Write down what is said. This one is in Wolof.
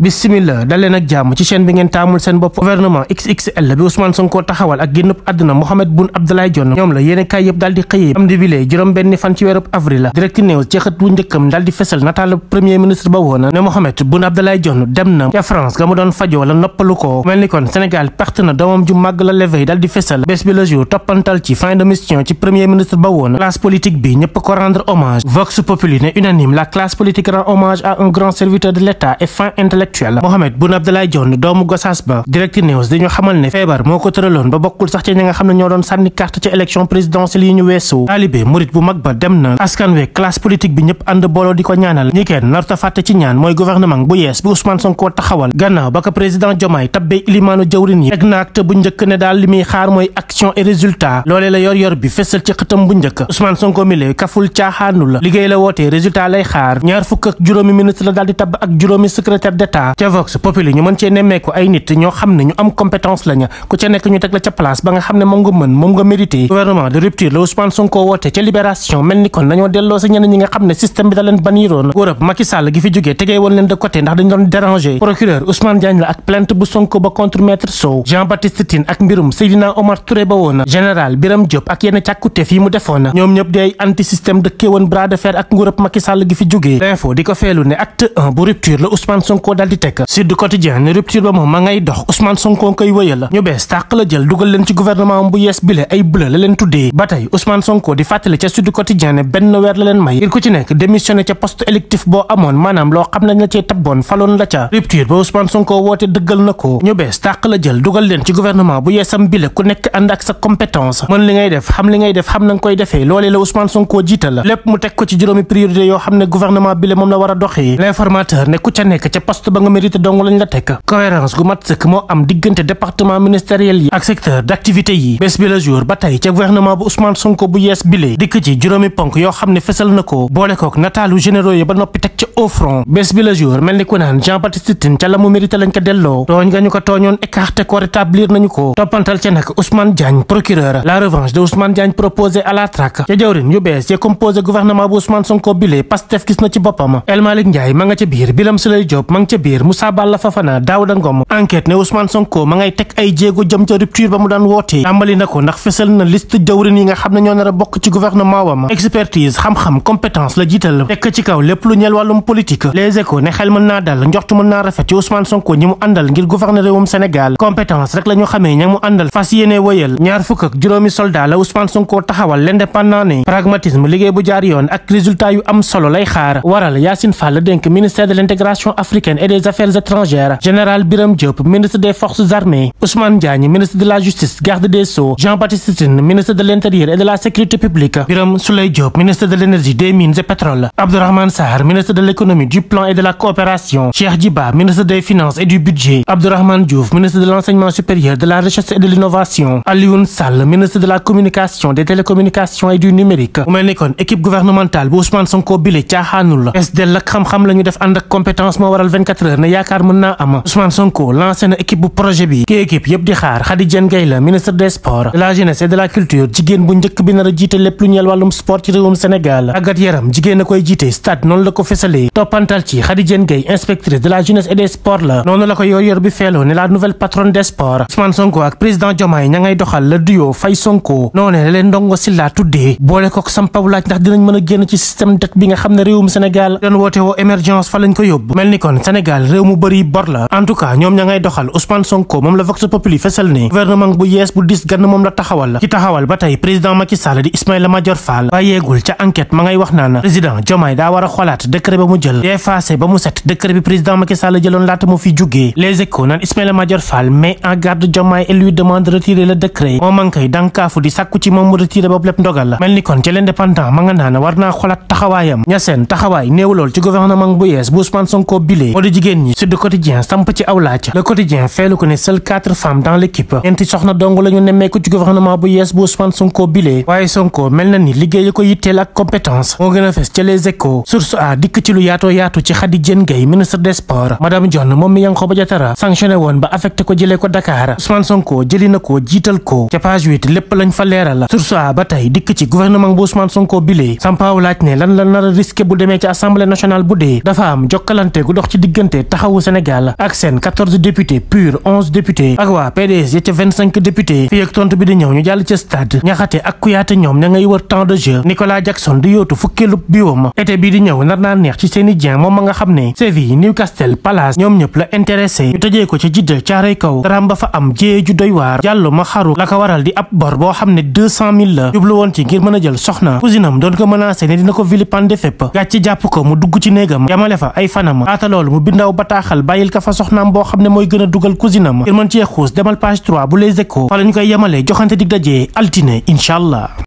bismillah dalen ak Jam, ci chaîne bi ngeen tamul gouvernement XXL bi Ousmane Sonko taxawal ak Mohamed Boun Abdallah Dionne ñom la yene kay yeb daldi di am di benn fan avril la direct news ci xët bu premier ministre ba Mohamed Boun Abdallah Dionne dem na ca France gamu don fajo la noppalu ko melni kon Sénégal perte na doomam ju màgg la levé bi le jour fin de mission ci premier ministre ba classe politique bi ñëpp ko rendre hommage Vox Populi né unanime la classe politique rend hommage à un grand serviteur de l'État et fin intellectuel intellectuel Mohamed Boun Abdallah Dionne doomu Gossas ba Direct News di ñu xamal ne feebar moo ko tëraloon ba bokkul sax ci ñi nga xam ne ñoo doon sànni carte ci élection présidentielle yi ñu weesu taalibe murit bu mag ba dem na askan we classe politique bi ñëpp ànd booloo di ko ñaanal ñi kenn narta fàtte ci ñaan mooy gouvernement bu yees bi Ousmane Sonko taxawal gannaaw ba ko président Diomaye tabbee ilimaanu jawrin yi teg na bu njëkk ne daal muy xaar mooy action ca Vox Populi ñu mën cee nemmeeku ay nit ñoo xam ne ñu am compétence lañu ku ca nekk ñu teg ca place ba nga xam ne moom nga mën moom nga mérité gouvernement de rupture la Ousmane Sonko woote ca libération mel ni kon nañoo delloo sa ñeneen ñi nga xam ne système bi da leen général Biram Diop ak yenn càkkuteef yi mu defoon ñoom ñëpp di ay anti système dëkkee woon bras de fer ak nguurub Macky Sall gi fi jógee l'info di ko feelu ne acte 1 daal di teg Sud Quotidien ne rupture ba moom ma ngay dox Ousmane Sonko koy wëyal ñu bees la ñu bees tàq la jël dugal leen ci gouvernement bu yeesam bile ku nekk ànd ak sa compétence mën li ngay def xam li ngay def xam na nga koy defee loolee la Ousmane Sonko jiital lépp mu teg ko ci juróomi priorité yoo xam ne gouvernement bile moom la war a doxee l'informateur ne ku ca nekk ca poste poste ba nga mérité dong lañ la tekk cohérence gu mat sëkk moo am diggante département ministériel yi ak secteur d'activité yi bés bi la jour ba tey ca gouvernement bu Ousmane Sonko ko boole kook nataalu gis na ci boppam El Malick Ndiaye ma nga ca biir Biram Souleye Diop ma nga ca biir Moussa Balla Fafana Daouda Ngom enquête ne Ousmane Sonko ma ngay teg ay jéego jëm ca rupture ba mu daan woote tàmbali na ko ndax fesal na liste jawrin yi nga xam ne ñoo nar a bokk ci gouvernement wam expertise xam-xam compétence la jiital tekk ci kaw lépp lu ñeel wàllum politique les échos ne xel mën naa dal njortu mën naa rafet ci Ousmane Sonko ñi mu àndal ngir gouverner Sénégal compétence rek la xamee ña mu àndal fas yéene wëyal ñaar des Affaires étrangères, général Biram Diop, ministre des Forces armées, Ousmane Diagne, ministre de la Justice, garde des Sceaux, Jean-Baptiste Sissine, ministre de l'Intérieur et de la Sécurité publique, Biram Souley Diop, ministre de l'Énergie, des Mines et Pétrole, Abdurrahman Sahar, ministre de l'Économie, du Plan et de la Coopération, Cheikh Diba, ministre des Finances et du Budget, Abdurrahman Diouf, ministre de l'Enseignement supérieur, de la Recherche et de l'Innovation, Alioune Sal, ministre de la Communication, des Télécommunications et du Numérique, équipe gouvernementale Ousmane Sonko bile SDL 24 24 yaakaar mën naa am Ousmane Sonko lancé na bu projet bi kii équipe yëpp di xaar Khady Diène Gaye la ministre des sports de la jeunesse et de la a jeunesse et des sports la noonu la ko yor yor bi feeloo ne la nouvelle patronne des sports Ousmane Sonko ak président Diomaye ña ngay doxal la duo fay Sonko noo la leen ndongo si laa tuddee boole kook sampawlaaj ndax dinañ mën a génn ci système dette bi nga xam ne réewum Sénégal doon woote woo émergence fa lañ Sénégal réew mu bari bor la en tout cas ñom ña ngay doxal Ousmane Sonko mom la Vox Populi fessel nih. gouvernement bu yes bu dis gan mom la taxawal ki taxawal ba tey président Macky Sall di Ismaïla Madior Fall ba yeegul ca enquête ma ngay wax nana président Jomay da wara a décret ba mu jël ba mu set décret bi président Macky Sall jëlon lat mo fi juggé les échos nan Ismaïla Madior Fall met en garde Jomay et lui demande retirer le décret mo man kay dànkaafu di sakku ci mom mu retirer boobu ndogal la mel ni kon ci l'indépendant ma nga nana war naa xoolaat taxawaayam ña seen taxawaay néew lool ci gouvernement bu yes bu Ousmane Sonko jigéen ñi Sud dikk ci lu yaatoo yaatu ci Khady Diène Gaye ministre des madame Dione moom mi Yankhoba Diattara sanctionné woon ba affecté ko jëlee ko Dakar Ousmane Sonko jëli ba tey dikk ci gouvernement bu Ousmane Sonko bilee sampaaw laaj ne lan la nar a bu demee ci assemblée nationale bu dee dafa am jokkalante gu dox ci diggante diggante taxawu Sénégal ak 14 députés PUR 11 députés ak waa PDS 25 députés fii ak tontu bi di ñëw ñu stade ñaxate ak Niom, ñoom ngay wër temps de jeu Nicolas Jackson di yootu Biom, biwoom été bii di ñëw nar naa neex ci nga Séville Newcastle Palace Niom, ñëpp la intéressé ñu tëjee ko ci Jidda caaray kaw daraam ba fa am jéye ju doy waar jàllu xaru la ko waral di ab bor boo xam ne la jublu woon ci ngir mën jël soxna cousinam doon ko dina ko ci ko mu dugg ci yamale fa ay bindaw bataaxal bàyyil ka fa soxnaam boo xam ne mooy gën a dugal cousinam ngir mën cee xuus demal page 3 bu Les Échos fa lañ koy yemale joxante dig dajee altine incha allah